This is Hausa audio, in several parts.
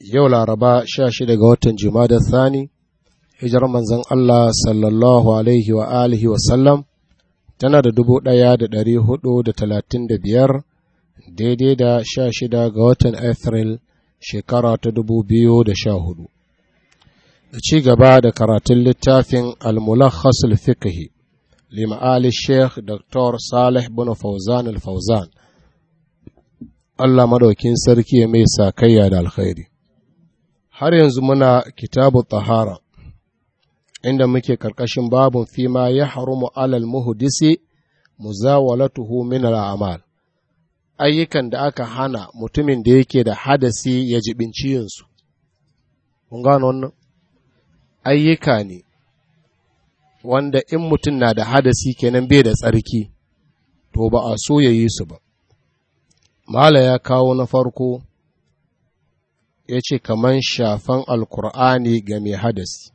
yau laraba sha shida ga watan da Sani hijar manzan Allah sallallahu alaihi wa alihi wa sallam tana da dubu ɗaya da ɗari hudu da talatin da biyar daidai da sha shida ga watan Afril shekara ta dubu biyu da sha hudu. Da ci gaba da karatun littafin al-mulakhasul fiqhi lima'ali Sheikh Dr. Salih bin Fauzan al-Fauzan Allah madaukin sarki ya mai sakayya da alkhairi. har yanzu muna kitabu tahara inda muke karkashin babun fima ya harumu alal muhdisi muzawalatuhu min al'amal ayyukan da aka hana mutumin da yake da hadasi ya jibinci yinsu kun gano wannan ayyuka ne wanda in mutum na da hadasi kenan bai da tsarki to ba a so ya yi su ba mala ya kawo na farko ya ce kaman shafan alkur'ani ga mai hadasi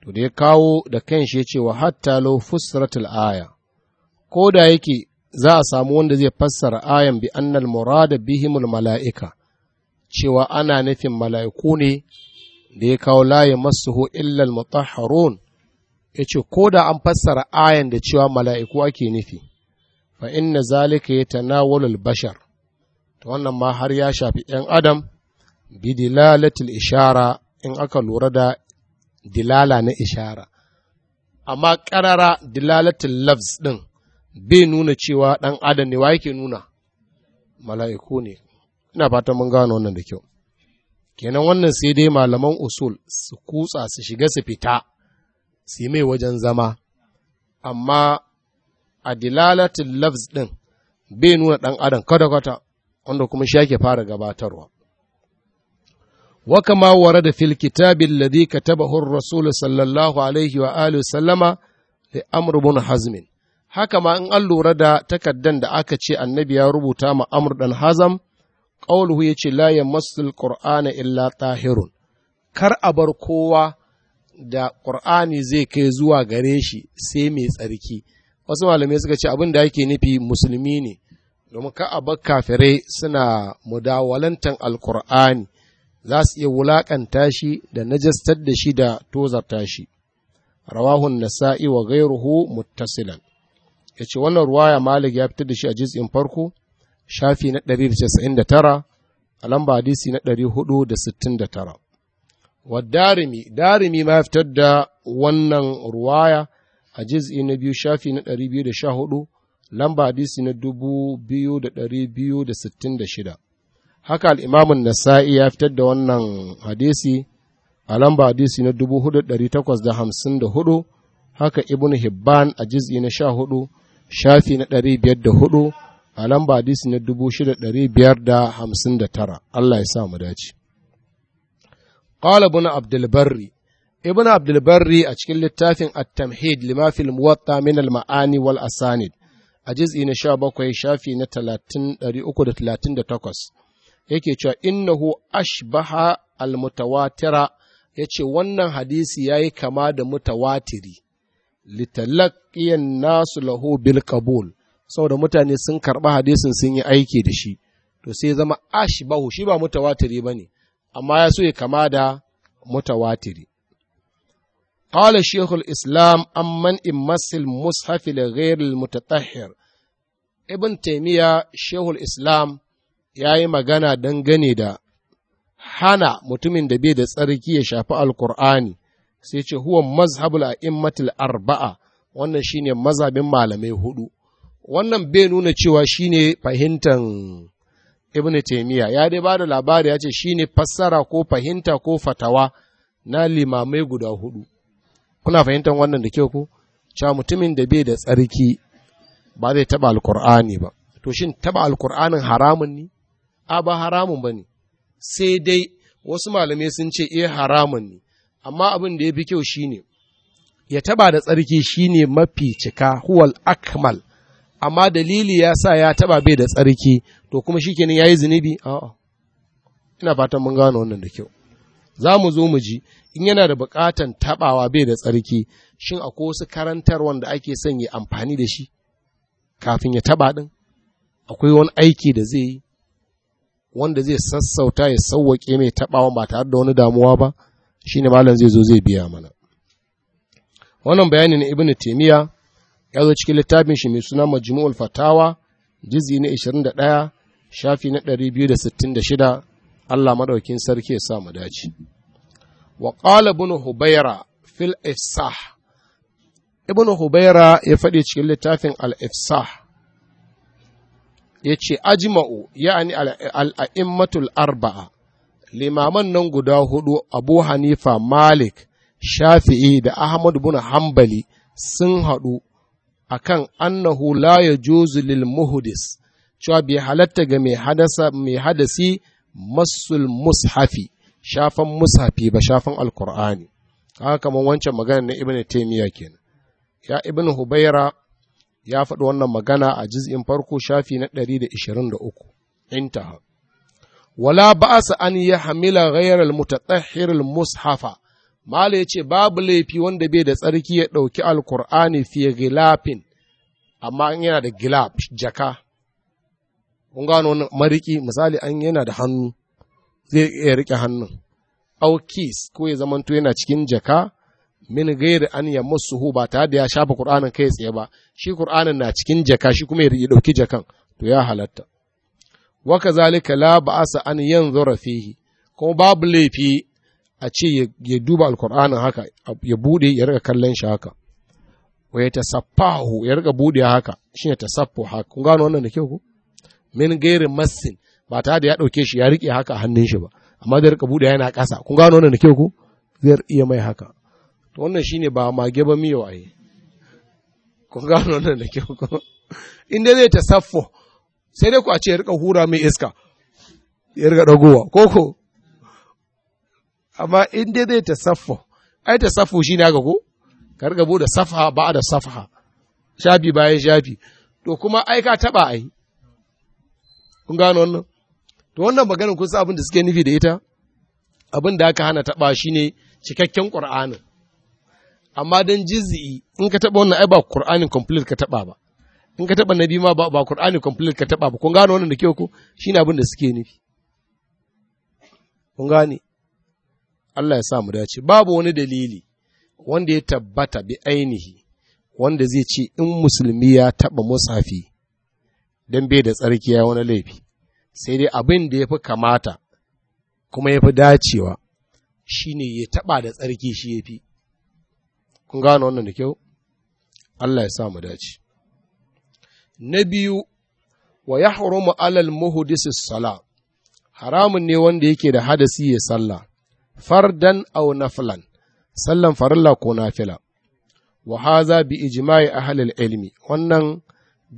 to da ya kawo da kanshi ya ce wa hatta lo fusratul aya ko da yake za a samu wanda zai fassara ayan bi annal murada bihimul mala'ika cewa ana nufin mala'iku ne da ya kawo layi masuhu illal mutahharun ya ce ko da an fassara ayan da cewa mala'iku ake nufi fa inna zalika ya tanawalul bashar ta wannan ma har ya shafi ‘yan adam bi dilalatil ishara in aka lura da dilala na ishara amma ƙarara dilalatil lafz ɗin bai nuna cewa ɗan adam ne wa yake nuna mala'iku ne ina fatan mun gano wannan da kyau kenan wannan sai dai malaman usul su kutsa su shiga su fita su mai wajen zama amma a dilalatin lafz ɗin bai nuna ɗan adam kada kwata wanda kuma shi yake fara gabatarwa وكما ورد في الكتاب الذي كتبه الرسول صلى الله عليه وآله وسلم لأمر بن حزم haka ma in an lura da takardan da aka ce annabi ya rubuta ma amr dan hazam qauluhu yace layin yamassul qur'ana illa tahirun kar a bar kowa da qur'ani zai kai zuwa gare shi sai mai tsarki wasu malamai suka ce abin da yake nufi musulmi ne domin ka a bar kafirai suna mudawalantan alqur'ani za su iya wulaƙanta shi da najastar da shi da tozarta shi rawahun nasa'i wa gairuhu muttasilan ya ce wannan ruwaya malik ya fitar da shi a jiz'in farko shafi na 199 a lamba hadisi na 469 wa darimi darimi ma ya fitar da wannan ruwaya a jiz'i na biyu shafi na 214 lamba hadisi na 2266 haka al'imamun nasa'i ya fitar da wannan hadisi a lamba hadisi na 4854 haka ibn hibban a jiz'i na 14 shafi na 504 a lamba hadisi na 6559 Allah ya sa mu dace ƙalabuna abdulbarri ibn abdulbarri a cikin littafin at-tamhid lima muwatta min al-ma'ani wal asanid a jiz'i na 17 shafi na 338 yake cewa innahu ashbaha almutawatira yace yace wannan hadisi yayi kama da mutawatiri litalaqiyan nasu lahu bil qabul saboda mutane sun karba hadisin sun yi aiki da shi to sai zama ashbahu shi ba mutawatiri bane amma ya so ya kama da mutawatiri قال شيخ الإسلام أمن إمس المصحف لغير المتطهر ابن تيمية شيخ الإسلام ya yi magana dangane da hana mutumin da bai da tsarki ya shafi alkur'ani sai ce huwa mazhabul a'immatul arba'a wannan shine mazhabin malamai hudu wannan bai nuna cewa shine fahimtan ibn taimiyya ya dai bada labari ya ce shine fassara ko fahimta ko fatawa na limamai guda hudu kuna fahimtar wannan da kyau ko cewa mutumin da bai da tsarki ba zai taba alkur'ani ba to shin taba alkur'anin haramun ne a ba haramun ba ne sai dai wasu malamai sun ce eh haramun ne amma abin da ya fi kyau shine ya taba da tsarki shine mafi cika huwal akmal amma dalili ya sa ya taba bai da tsarki to kuma shi shikenan yayi zunubi a'a ina fatan mun gano wannan da kyau za mu zo mu ji in yana da bukatan tabawa bai da tsarki shin akwai wasu karantar wanda ake son ya amfani da shi kafin ya taba din akwai wani aiki da zai yi wanda zai sassauta ya sauwake mai taɓawa ba tare da wani damuwa ba shine malam zai zo zai biya mana wannan bayani na ibnu taimiyya ya zo cikin littafin shi mai suna majmu'ul fatawa jizi na 21 shafi na 266 Allah maɗaukin sarki ya sa mu dace wa qala ibn hubayra fil ifsah ibn hubayra ya faɗi cikin littafin al ifsah ya ce ajima'u ya'ani matul arba'a limaman nan guda hudu abu hanifa malik shafi'i da ahmad bin hambali sun haɗu a akan annahu la ya lil muhdis cewa bai halatta ga mai hadasi masul mushafi shafan mushafi ba shafan alkur'ani haka kamar wancan magana na ibn taimiyya kenan ya ibn hubaira ya faɗi wannan magana a juz'in farko shafi na 123 intaha wala ba'asa an ya hamila ghairal mutatahhiril mushafa mala yace babu laifi wanda bai da tsarki ya ɗauki alkur'ani fi gilafin amma an yana da gilaf jaka kun gano wannan mariki misali an yana da hannu zai iya rike hannun aukis ko ya zamanto yana cikin jaka min gairi an ya hu ba tare da ya shafa Qur'anin kai tsaye ba shi Qur'anin na cikin jaka shi kuma ya dauki jakan to ya halatta wa kazalika la ba'asa an yanzura fihi kuma babu laifi a ce ya duba alkur'anin haka ya bude ya rika kallon shi haka wa ya tasaffahu ya rika bude haka shi ta tasaffu haka kun gano wannan da kyau ko min gairi massin ba tare da ya dauke shi ya rike haka hannun shi ba amma da riga bude yana ƙasa kun gano wannan da kyau ko zai iya mai haka wannan shine ba mage ba miyo ai kun gano wannan da kyau ko in dai zai saffo sai dai ku a ce ya rika hura mai iska ya rika dagowa ko ko amma in dai zai saffo ai ta saffo shine ga ko ka rika bude safha ba da safha shafi bayan shafi to kuma ai ka taba ai kun gano wannan to wannan maganar kun san abin da suke nufi da ita abin da aka hana taba shine cikakken qur'anin amma don jizi'i in ka taɓa wannan ai ba Qur'anin complete ka taɓa ba in ka taɓa nabi ma ba ba Qur'ani complete ka taɓa ba kun gane wannan da kyau ko shine abin da suke nufi kun gane Allah ya sa mu dace babu wani dalili wanda ya tabbata bi ainihi wanda zai ce in musulmi ya taɓa musafi dan bai da tsarki ya wani laifi sai dai abin da ya fi kamata kuma ya fi dacewa shine ya taɓa da tsarki shi ya fi kun gane wannan da kyau Allah ya sa mu dace na biyu wa ya yahrumu alal muhdis sala haramun ne wanda yake da hadasi ya sallah fardan aw naflan sallan farilla ko nafila wa haza bi ijma'i halin ilmi wannan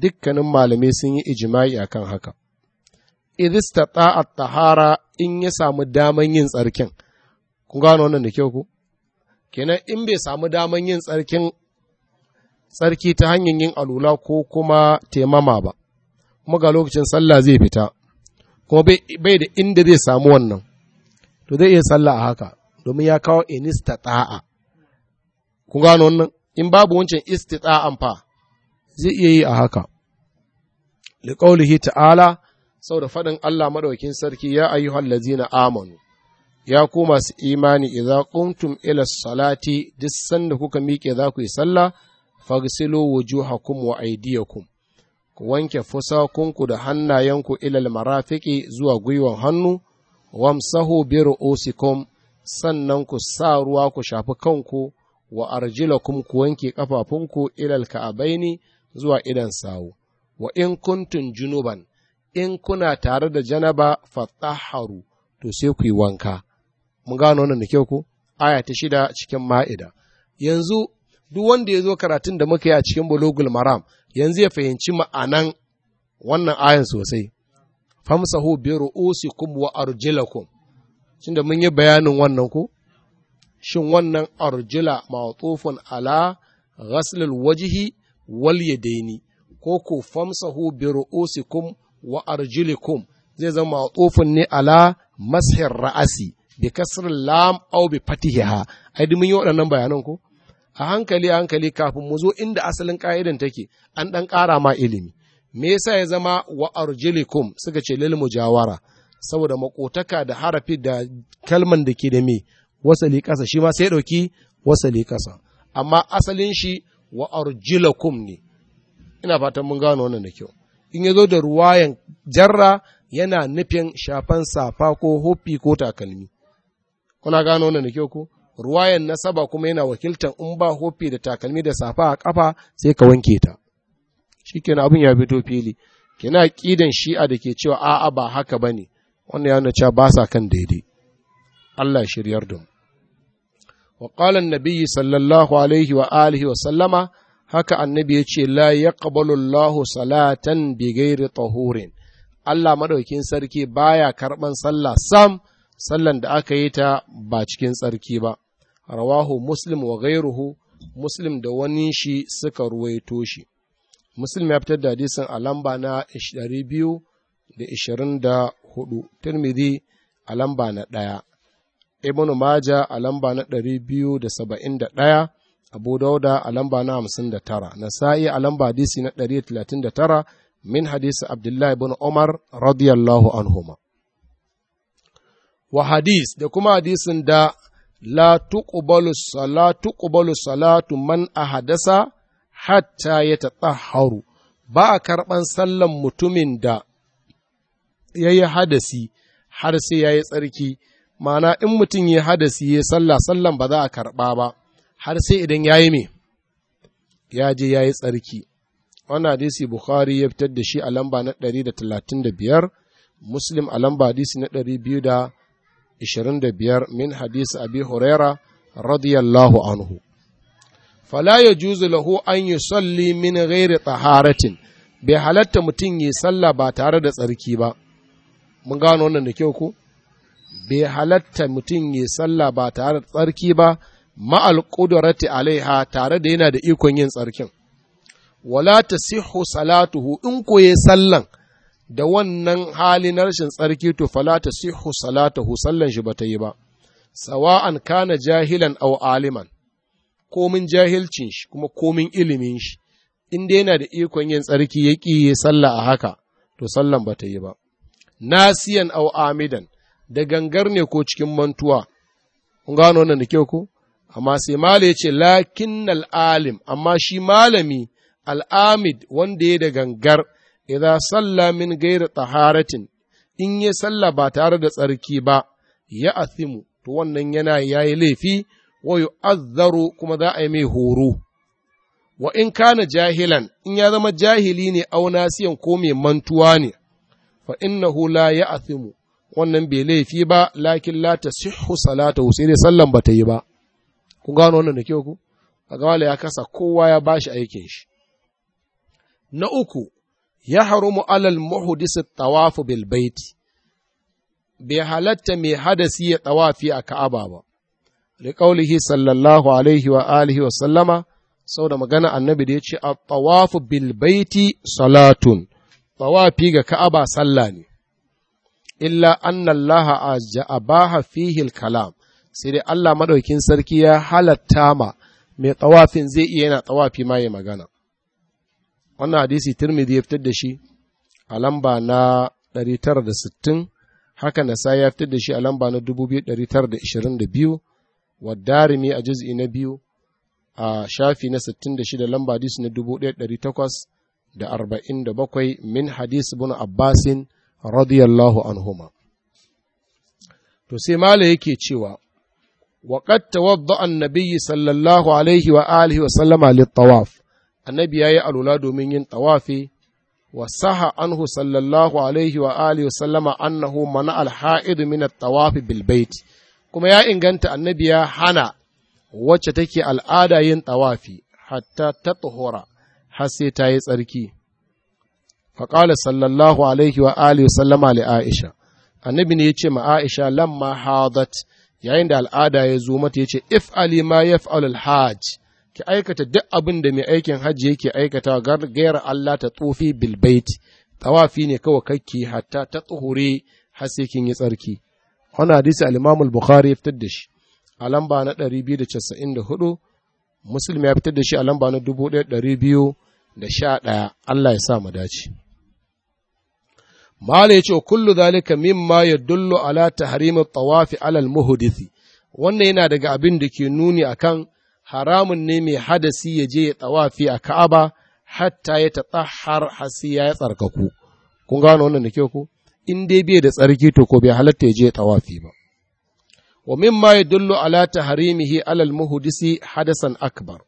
dukkanin malamai sun yi ijma'i akan haka idista istata'a tahara in ya samu daman yin tsarkin kun gano wannan da kyau ku kenan in bai samu daman yin tsarki ta hanyar yin alula ko kuma taimama ba kuma ga lokacin sallah zai fita kuma bai da inda zai samu wannan to zai iya sallah a haka domin ya kawo ta'a ku gano wannan in babu wancan ta'an fa zai iya yi a haka liqaulihi ta'ala sau da faɗin Allah maɗaukin sarki ya ayyuhan lazina amanu ya ku masu imani idza qumtum ila salati duk sanda kuka miƙe za ku yi sallah fagsilu wujuhakum wa aydiyakum ku wanke fusakunku da hannayenku ilal marafiki zuwa gwiwar hannu wamsahu bi ru'usikum sannan ku sa ruwa ku shafi kanku wa arjilakum ku wanke kafafunku ilal ka'abaini zuwa idan sawu wa in kuntum junuban in kuna tare da janaba fatahharu to sai ku yi wanka mun gano nan da kyau ko aya ta shida cikin ma'ida yanzu duk wanda ya zo karatun da muka yi a cikin bulugul maram yanzu ya fahimci ma'anan wannan ayan sosai famsahu bi ru'usikum wa arjulakum tunda mun yi bayanin wannan ko shin wannan arjula ma'tufun ala ghaslil wajhi wal yadaini ko ko famsahu bi ru'usikum wa arjulikum zai zama ma'tufun ne ala mashir ra'asi bi kasr lam aw bi fatihiha ai duk yi waɗannan bayanan ko a hankali a hankali kafin mu zo inda asalin ka'idan take an ɗan ƙara ma ilimi me yasa ya zama wa jilikum suka ce lil mujawara saboda makotaka da harafi da kalman da ke da me wasali kasa shi ma sai ɗauki wasali kasa amma asalin shi wa arjilakum ne ina fatan mun gano wannan da kyau in ya zo da ruwayan jarra yana nufin shafan safa ko hoppi ko takalmi kuna gano wannan da kyau ko ruwayan nasaba kuma yana wakiltar in ba hofi da takalmi da safa a kafa sai ka wanke ta shikenan abin ya fito fili kina kidan shi'a da ke cewa a'a ba haka bane wannan ya nuna cewa ba sa kan daidai Allah ya shiryar da mu wa qala sallallahu alaihi wa alihi wa sallama haka annabi ya ce la yaqbalu Allahu salatan bi tahurin Allah madaukin sarki baya karban sallah sam sallan da aka yi ta ba cikin tsarki ba rawahu muslim wa gairuhu muslim da wani shi suka ruwaito shi muslim ya fitar da hadisin a lamba na 224 tirmidhi a lamba na ɗaya ibn maja a lamba na 271 abu dauda a lamba na 59 nasa'i a lamba hadisi na 139 min hadisi abdullahi ibn umar radiyallahu anhuma wa hadis da kuma hadisin da la tuqbalu salatu tuqbalu salatu man ahadasa hatta ya ba a karɓan sallan mutumin da ya hadasi har sai ya tsarki ma'ana in mutum ya hadasi ya sallah sallan ba za a karɓa ba har sai idan ya me ya je ya tsarki wannan hadisi bukhari ya fitar da shi a lamba na 135 muslim a lamba hadisi na 200 25 min hadis abi huraira radiyallahu anhu fala ya juzu lahu an yi salli min raira taharatin bai halatta mutum yi sallah ba tare da tsarki ba mun gano wannan da kyau ko bai halatta mutum yi sallah ba tare da tsarki ba ma'al ƙudurati alaiha tare da yana da ikon yin tsarkin wala ta sihu salatuhu in koye sallan da wannan hali na rashin tsarki to fala ta sihu salatahu sallan shi bata yi ba sawa'an kana jahilan aw aliman komin jahilcin shi kuma komin ilimin shi in dai yana da ikon yin tsarki ya ƙi sallah a haka to sallan bata yi ba nasiyan aw amidan da gangar ne ko cikin mantuwa kun gano wannan da kyau ko amma sai malai ya ce lakinnal alim amma shi malami al'amid wanda ya da gangar idza salla min ghairi taharatin in ya salla ba tare da tsarki ba ya athimu to wannan yana yayi laifi wa yu'azzaru kuma za a yi mai horo wa in kana jahilan in ya zama jahili ne auna nasiyan ko mai mantuwa ne fa innahu la ya athimu wannan bai laifi ba lakin la tasihhu salatahu sai dai sallan ba ta yi ba kun gano wannan da kyau ku a ya kasa kowa ya bashi aikin shi na uku ya harumu alal muhdisi tawafu bilbaiti bai halatta mai hadasi ya tawafi a ka'aba ba liqaulihi sallallahu alaihi wa alihi wa sallama sau da magana annabi da ya ce a tawafu bil baiti salatun tawafi ga ka'aba sallah ne illa anna allaha abaha fihi kalam sai dai Allah maɗaukin sarki ya halatta ma mai tawafin zai iya yana tawafi ma ya magana wannan hadisi tirmidhi ya fitar da shi a lamba na 960 haka na sai ya fitar da shi a lamba na 2922 wadarimi a juz'i na biyu a shafi na 66 lamba hadisi na 1847 min hadis ibn abbasin radiyallahu anhuma to sai mala yake cewa وقد توضأ النبي صلى الله عليه وآله وسلم للطواف annabi ya yi alula domin yin tawafi wa saha anhu sallallahu alaihi wa alihi sallama annahu mana alha'idu min tawafi bilbait kuma ya inganta annabi ya hana wacce take al'ada yin tawafi hatta ta tsohora har sai ta yi tsarki faƙala sallallahu alaihi wa alihi sallama li aisha annabi ne ya ce ma aisha lamma hadat yayin da al'ada ya zo mata ya ce if ali ma yaf'al al-hajj ki aikata duk abin da mai aikin hajji yake aikata gaira Allah ta tsofi bilbaiti tawafi ne kawai kakki hatta ta tsuhure har sai kin yi tsarki wannan hadisi al-Imam bukhari ya fitar da shi a lamba na 294 Muslim ya fitar da shi a lamba na 1211 Allah ya sa mu dace Mala ce, kullu zalika mimma yadullu ala tahrim tawafi tawaf ala al wannan yana daga abin da ke nuni akan haramun ne mai hadasi ya je ya tsawafi a Ka'aba hatta ya tsahar hasi ya tsarkaku kun gano wannan da kyau ku? in dai bai da tsarki to ko bai halatta ya je ya tsawafi ba wa min ma ya yadullu ala harimihi alal muhdisi hadasan akbar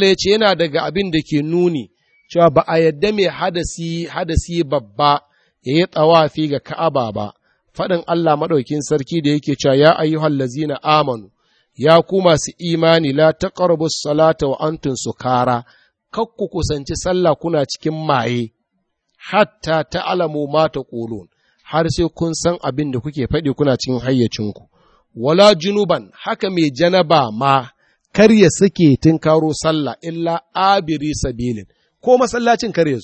ya ce yana daga abin da ke nuni cewa ba a yadda mai hadasi hadasi babba ya yi tsawafi ga Ka'aba ba faɗin Allah maɗaukin sarki da yake cewa ya ayyuhal lazina amanu ya ku masu imani la taqrabu salata wa su su kar ku kusanci sallah kuna cikin maye hatta ta alamu mata kolon, har sai kun san abin da kuke faɗi kuna cikin hayyacinku wala junuban haka mai janaba ma kar ya sake tun karo sallah illa abiri sabilin ko masallacin kar ya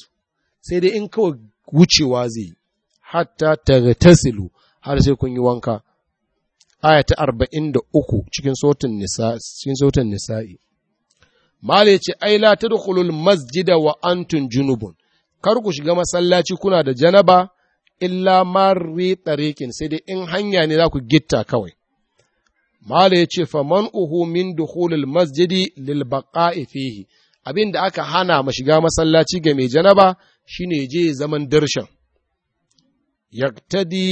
sai dai in kawai wucewa zai yi hatta ta har sai kun yi wanka aya ta 43 cikin sautin nisa cikin sautin nisa'i mala ce, ai la tadkhulul masjida wa antum junubun kar ku shiga masallaci kuna da janaba illa marri tariqin sai dai in hanya ne za ku gitta kawai mala ce, fa uhu min dukhulil masjidi lil baqa'i fihi abin da aka hana ma shiga masallaci ga mai janaba shine je zaman darshan yaktadi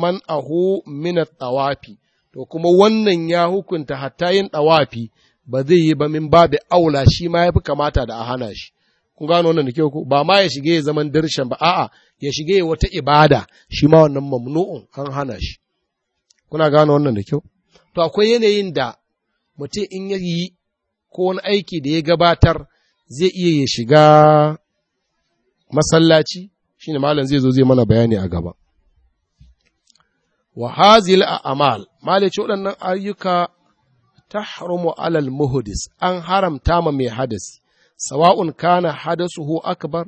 man ahu min tawafi to kuma wannan ya hukunta hatta yin ɗawafi ba zai yi ba min babu aula shi ma ya fi kamata da a hana shi. Kun gano wannan da ku ba ma ya shige ya zaman darshan ba a'a ya shige wata ibada shi ma wannan mamnu'un an hana shi. Kuna gano wannan da kyau? To akwai yanayin da mutum in ya yi ko wani aiki da ya gabatar zai iya ya shiga masallaci shine malam zai zo zai mana bayani a gaba. wa hazil a amal malice waɗannan ayyuka ta haramu alal muhudis an haramta ma mai hadasi sawa'un kana hadasuhu akbar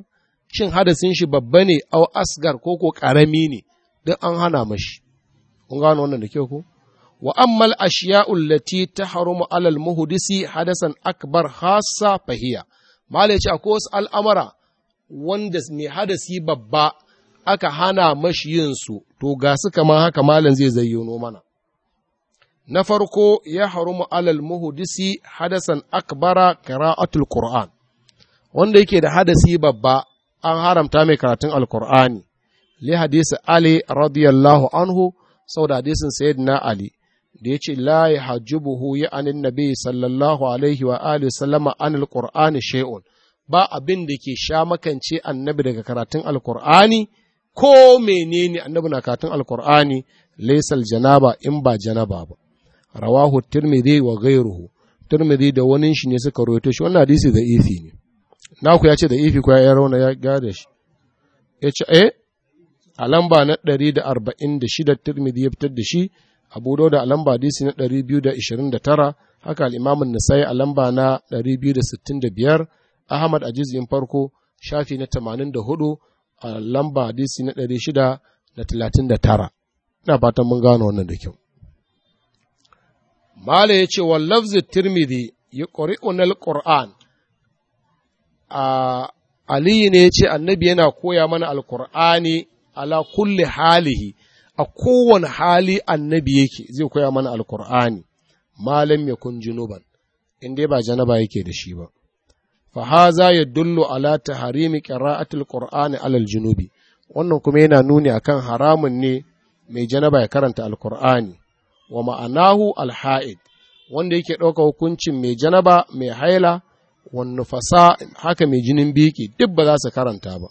shin hadasin shi babba ne au asgar ko ko ƙarami ne don an hana mashi kun gano wannan da kyau ko wa ammal ashiya'ul lati tahrumu alal muhdisi hadasan akbar khassa fahiya mala akwai wasu al'amara wanda mai hadasi babba aka hana mashi su to ga su kama haka malam zai zayyano mana. Na farko ya harumu alal muhudisi hadasan akbara kara'atul Qur'an, wanda yake da hadasi babba an haramta mai karatun alkur'ani li hadisi Ali radiyallahu anhu sau da hadisin sayyidina Ali da ya ce la ya hajjubuhu ya anin nabi sallallahu alaihi wa alihi sallama an alkur'ani shay'un ba abin da ke sha makance annabi daga karatun alkur'ani ko menene annabi na katun alkur'ani laisal janaba in ba janaba ba rawahu tirmidhi wa ghayruhu tirmidhi da wani shi ne suka rawaito shi wannan hadisi da ifi ne naku ya ce da ifi ko ya rauna ya gada shi ya ce eh a lamba na 146 tirmidhi ya fitar da shi abu dauda a lamba hadisi na 229 haka an nasai a lamba na 265 ahmad a jizgin farko shafi na 84 a lamba hadisi na ɗari shida da talatin da tara ina fatan mun gano wannan da kyau mala ya ce wa lafzin tirmidhi ya ƙuri'unar ƙur'an a aliyu ne ya ce annabi yana koya mana alƙur'ani ala kulli halihi a kowane hali annabi yake zai koya mana alƙur'ani malam ya kun junuban in dai ba janaba yake da shi ba fa ya yadullu ala taharimi qira'atil qur'ani alal junubi wannan kuma yana nuni akan haramun ne mai janaba ya karanta alkur'ani wa ma'anahu alha'id wanda yake ɗauka hukuncin mai janaba mai haila wan fasaha haka mai jinin biki duk ba za su karanta ba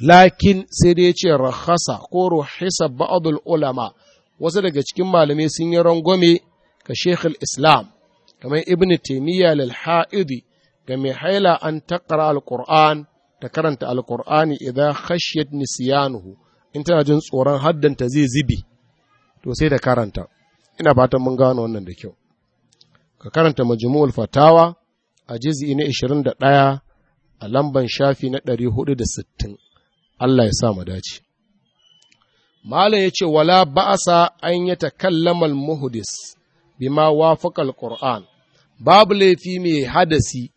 lakin sai dai ce rahasa ko ruhisa ba'adul ulama wasu daga cikin malamai sun yi rangwame ga shekul islam kamar ibn taimiyya lil ha'idi ga mai haila an takara alƙur'an ta karanta alƙur'ani idan khashiyat nisiyanu in tana jin tsoron haddanta zai zibi to sai da karanta ina fatan mun gano wannan da kyau ka karanta majmu'ul fatawa a jizi na 21 a lamban shafi na 460 Allah ya sa mu dace Malam ya ce wala ba'asa an yi takallamal muhdis bima wafaqal quran babu laifi mai hadasi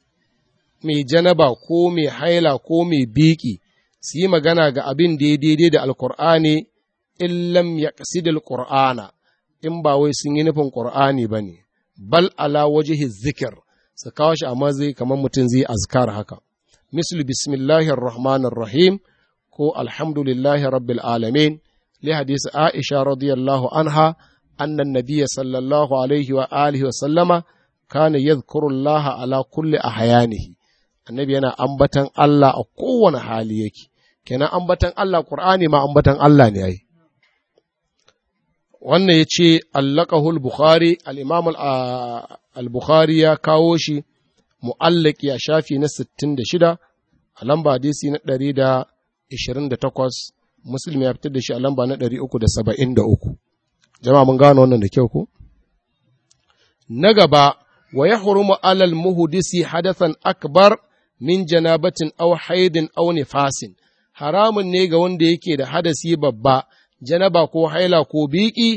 mai janaba ko mai haila ko mai biki su yi magana ga abin da ya daidai da alkur'ani in lam yaqsid alqur'ana in ba wai sun yi nufin qur'ani ne. bal ala wajhi zikir su kawo shi a mazai kamar mutum zai azkar haka Misli bismillahir rahmanir rahim ko alhamdulillahi rabbil alamin li hadisi aisha radiyallahu anha anna nabiyya sallallahu alaihi wa alihi wa sallama kana yadhkuru allaha ala kulli ahyanihi annabi yana ambatan Allah a kowane hali yake kenan ambatan Allah Qur'ani ma ambatan Allah ne yayi wannan ya ce allakahul bukhari al'imam ah, al-bukhari ya kawo shi mu'allaki a shafi na 66 a lamba hadisi na 128 muslim ya fitar da shi a lamba na 373 jama'a mun gano wannan da kyau ku na gaba wa ya hurumu alal muhudisi hadathan akbar min janabatin aw haidin aw nifasin haramun ne ga wanda yake da hadasi babba janaba ko haila ko biki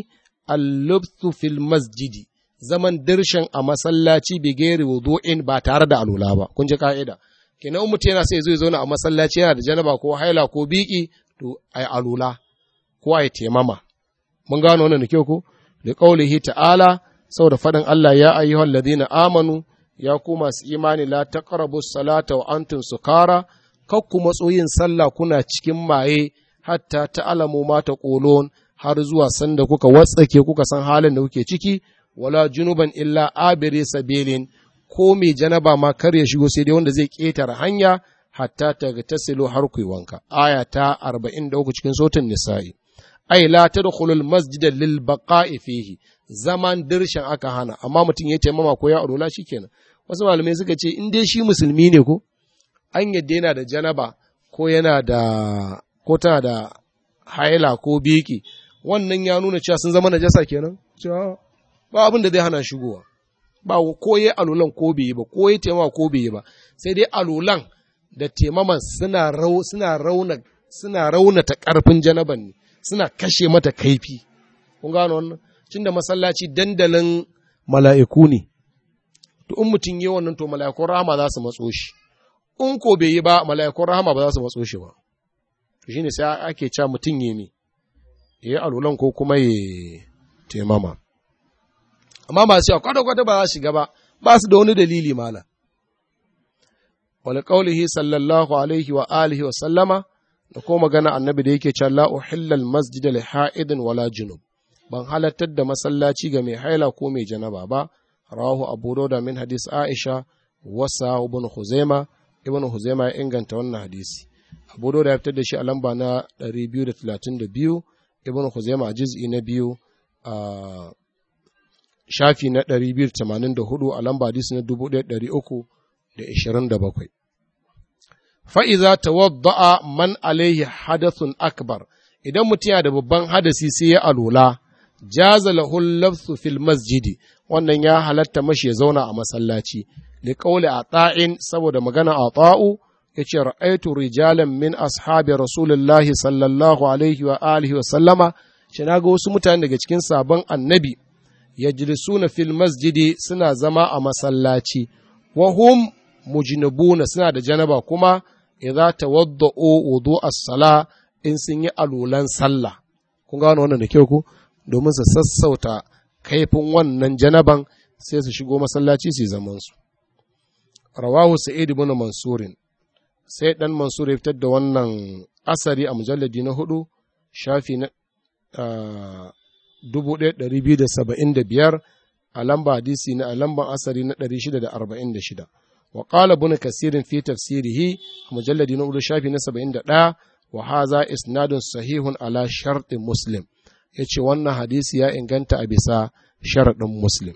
allubthu fil masjidi zaman dirshan a masallaci bi gairi wudu'in ba tare da alula ba kun ji ka'ida kenan mutum yana sai zai zauna a masallaci yana da janaba ko haila ko biki to ai alula ko ai temama mun gano wannan da kyau ko da qaulihi ta'ala saboda faɗin Allah ya ayyuhal ladina amanu ya ku masu imani la taqrabu salata wa antum sukara kar ku matso yin sallah kuna cikin maye hatta ta ta'lamu ma taqulun har zuwa sanda kuka watsake kuka san halin da kuke ciki wala junuban illa abiri sabilin ko mai janaba ma kar ya shigo sai dai wanda zai ƙetare hanya hatta ta tasilu har ku wanka aya ta 43 cikin sotin nisa'i ai la tadkhulu al masjid lil baqa'i fihi zaman dirshan aka hana amma mutum ya taimama ko ya arola kenan. wasu malamai suka ce in dai shi musulmi ne ko an yadda yana da janaba ko yana da ko tana da haila ko biki wannan ya nuna cewa sun zama najasa kenan cewa ba abin da zai hana shigowa ba ko yi alulan ko bai yi ba ko yi taimama ko bai yi ba sai dai alulan da taimaman suna rauna suna raunata karfin janaban ne suna kashe mata kaifi kun gano wannan tunda masallaci dandalin mala'iku ne to in mutum yi wannan to mala'ikun rahama za su matso shi in ko bai yi ba mala'ikun rahama ba za su matso shi ba to ne sai ake ca mutum yi Ya yi alulan ko kuma ya taimama amma masu yawa kwata kwata ba za shiga ba ba su da wani dalili mala Wani sallallahu alaihi wa alihi wa sallama da ko magana annabi da yake cewa la hillal masjida li ha'idin wala junub ban halartar da masallaci ga mai haila ko mai janaba ba rawahu abu dauda min hadis aisha wasa ibn huzaima ibn huzaima ya inganta wannan hadisi abu dauda ya fitar da shi a lamba na 232 ibn huzaima a juz'i na biyu a shafi na 284 a lamba hadisi na 1327 fa'iza tawadda'a man alaihi hadathun akbar idan mutum yana da babban hadasi sai ya alula jaza lahul lafsu fil masjidi wannan ya halatta mashi ya zauna a masallaci li qawli ata'in saboda magana ata'u yace ra'aytu rijalan min ashabi rasulullahi sallallahu alaihi wa alihi wa sallama shi naga wasu mutane daga cikin sabon annabi yajlisuna fil masjidi suna zama a masallaci wa hum mujnabuna suna da janaba kuma idza tawadda'u wudu as-sala in sun yi alulan sallah kun gane wannan da kyau ku domin su sassauta kaifin wannan janaban sai su shigo masallaci su zaman su rawahu sa'id ibn mansur sai dan mansur ya fitar da wannan asari a mujalladi na hudu shafi na 1275 a lamba hadisi na a lamban asari na 646 wa qala ibn kasir fi tafsirihi a mujalladi na hudu shafi na 71 wa hadha isnadun sahihun ala shart muslim ya ce wannan hadisi ya inganta a bisa sharaɗin muslim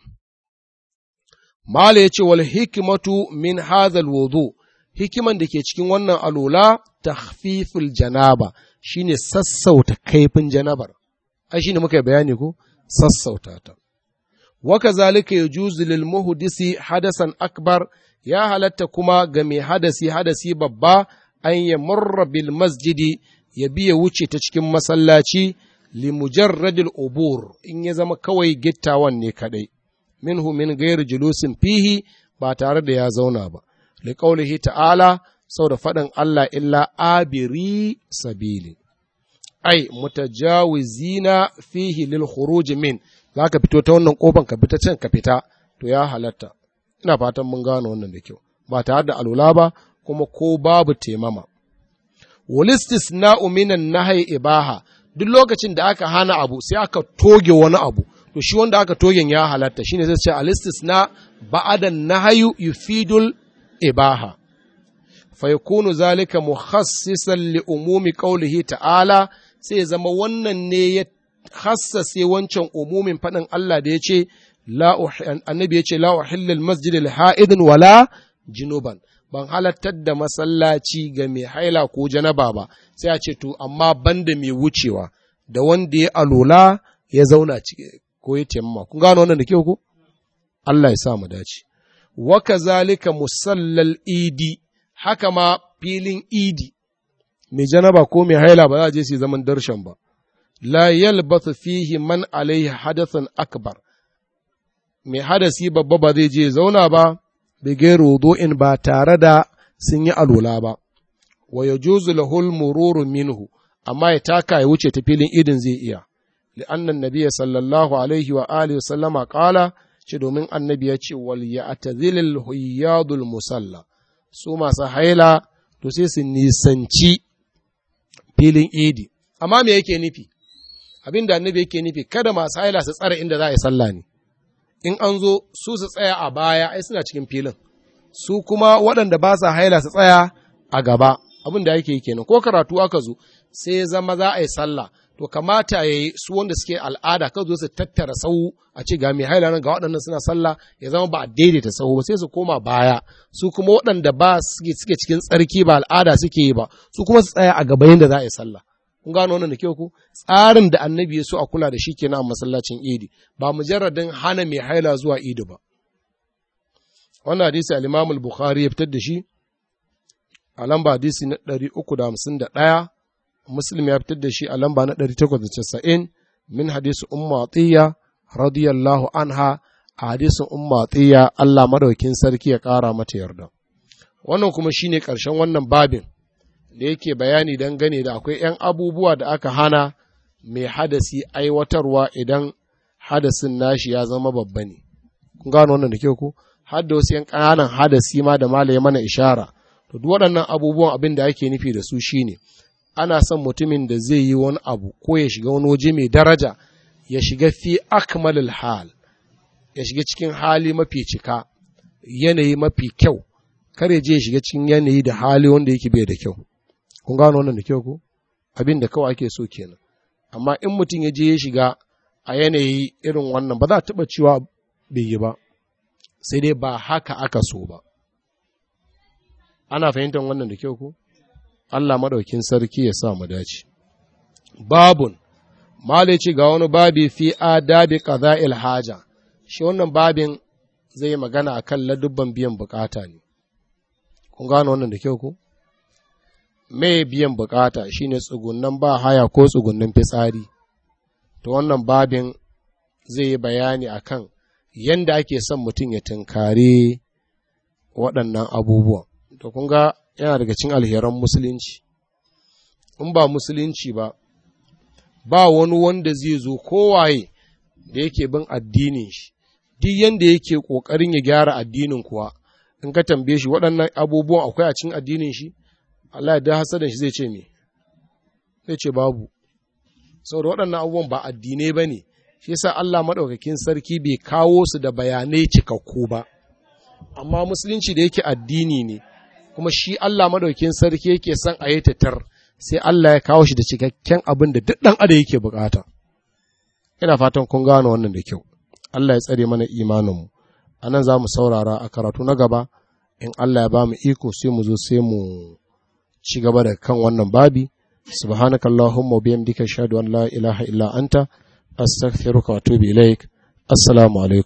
mala ya ce wal hikimatu min hazal wudu hikiman da ke cikin wannan alula fifil janaba shi ne sassauta kaifin janabar ai ne muka bayani ko sassauta ta waka zalika ya juzu lil muhdisi hadasan akbar ya halatta kuma ga mai hadasi hadasi babba an ya murra bil masjidi ya biya wuce ta cikin masallaci radil obur in ya zama kawai gittawan ne kaɗai, minhu min gairu julusin fihi ba tare da ya zauna ba, liƙaulihi ta'ala sau da faɗin Allah illa abiri sabili. Ai, mutajawizina fihi lil khuruji min, za ka fito ta wannan ƙofan ka fita can ka fita, to ya halatta. Ina fatan mun gano wannan da kyau, ba tare da alula ba kuma ko babu temama. Walistis na uminan nahai ibaha, duk lokacin da aka hana abu sai aka toge wani abu to shi wanda aka togen ya halatta shine zai ce alistis na ba'adan nahayu yufidul ibaha fa yakunu zalika mukhassisan li umumi qawlihi ta'ala sai zama wannan ne ya hassase wancan umumin faɗin Allah da ya ce annabi ya ce la uhilla masjidal alha'idin wala jinuban ban halattar da masallaci ga mai haila ko janaba ba sai a ce to amma banda mai wucewa da wanda ya alola ya zauna ko ya taimama kun gano wannan da kyau ko Allah ya sa mu dace wa kazalika musallal idi haka ma filin idi mai janaba ko mai haila ba za a je su zaman darshan ba la yalbathu fihi man Alayhi hadathan akbar mai hadasi babba ba zai je zauna ba bigairu in ba tare da sun yi alola ba wa yajuzu lahul mururu minhu amma ya taka ya wuce ta filin idin zai iya li'annan nabiyya sallallahu alaihi wa alihi wa sallama ce domin annabi ya ce wal ya'tazilil huyyadul musalla su masu haila to sai su nisanci filin idi amma me yake nufi abin da annabi yake nufi kada masu haila su tsara inda za a yi sallah ne in an zo su su tsaya a baya ai suna cikin filin su kuma waɗanda ba sa haila su tsaya a gaba abin da yake yi kenan ko karatu aka zo sai ya zama za a yi sallah to kamata ya yi su wanda suke al'ada ka zo su tattara sau a ce ga mai haila nan ga waɗannan suna sallah ya zama ba a daidaita sau ba sai su koma baya su kuma waɗanda ba suke cikin tsarki ba al'ada suke yi ba su kuma su tsaya a gaba yadda za a yi sallah kun gano wannan da kyau ku tsarin da annabi ya so a kula da shi kenan a masallacin idi ba mujarradin hana mai haila zuwa idi ba wannan hadisi al-imam al-bukhari ya fitar da shi a lamba hadisi na 351 muslim ya fitar da shi a lamba na 890 min hadisi umma atiya radiyallahu anha a hadisin umma atiya Allah madaukin sarki ya kara mata yarda wannan kuma shine karshen wannan babin da yake bayani dangane da akwai ‘yan abubuwa da aka hana mai hadasi aiwatarwa idan hadasin nashi ya zama babba ne. Kun gano wannan da ke ku? Hadda wasu ‘yan ƙananan hadasi ma da ya mana ishara. To, waɗannan abubuwan abin da ake nufi da su shine ana son mutumin da zai yi wani abu ko ya shiga wani waje mai daraja ya shiga fi akmalil hal ya shiga cikin hali mafi cika yanayi mafi kyau kare je ya shiga cikin yanayi da hali wanda yake bai da kyau kun gano wannan da kyau ku abin da kawai ake so kenan amma in mutum ya je ya shiga a yanayi irin wannan ba za a taɓa cewa bai yi ba sai dai ba haka aka so ba ana fahimtar wannan da kyau ku Allah maɗaukin sarki ya sa mu dace babun ce ga wani babi fi adabi qada'il haja shi wannan babin zai magana akan ladubban biyan bukata ne kun gano wannan da kyau ku mai biyan bukata shine tsugunnan ba haya ko tsugunnan fitsari ta wannan babin zai yi bayani akan yanda ake son mutum ya tunkare waɗannan abubuwan to kun ga yana daga cin alheran musulunci in ba musulunci ba ba wani wanda zai zo kowaye da yake bin addinin shi duk yanda yake ƙoƙarin ya gyara addinin kuwa in ka tambaye shi waɗannan abubuwan akwai a cikin addinin shi Allah da hasadan shi zai ce me zai ce babu saboda waɗannan abubuwan ba addinai ba ne shi yasa Allah maɗaukakin sarki bai kawo su da bayanai cikakku ba amma musulunci da yake addini ne kuma shi Allah maɗaukakin sarki yake son a yi tatar sai Allah ya kawo shi da cikakken abin da duk ɗan adam yake bukata ina fatan kun gano wannan da kyau Allah ya tsare mana imaninmu a nan za mu saurara a karatu na gaba in Allah ya ba mu iko sai mu zo sai mu ci gaba da kan wannan babi subhanakallahumma wa bihamdika ashhadu an la ilaha illa anta astaghfiruka wa atubu ilaik assalamu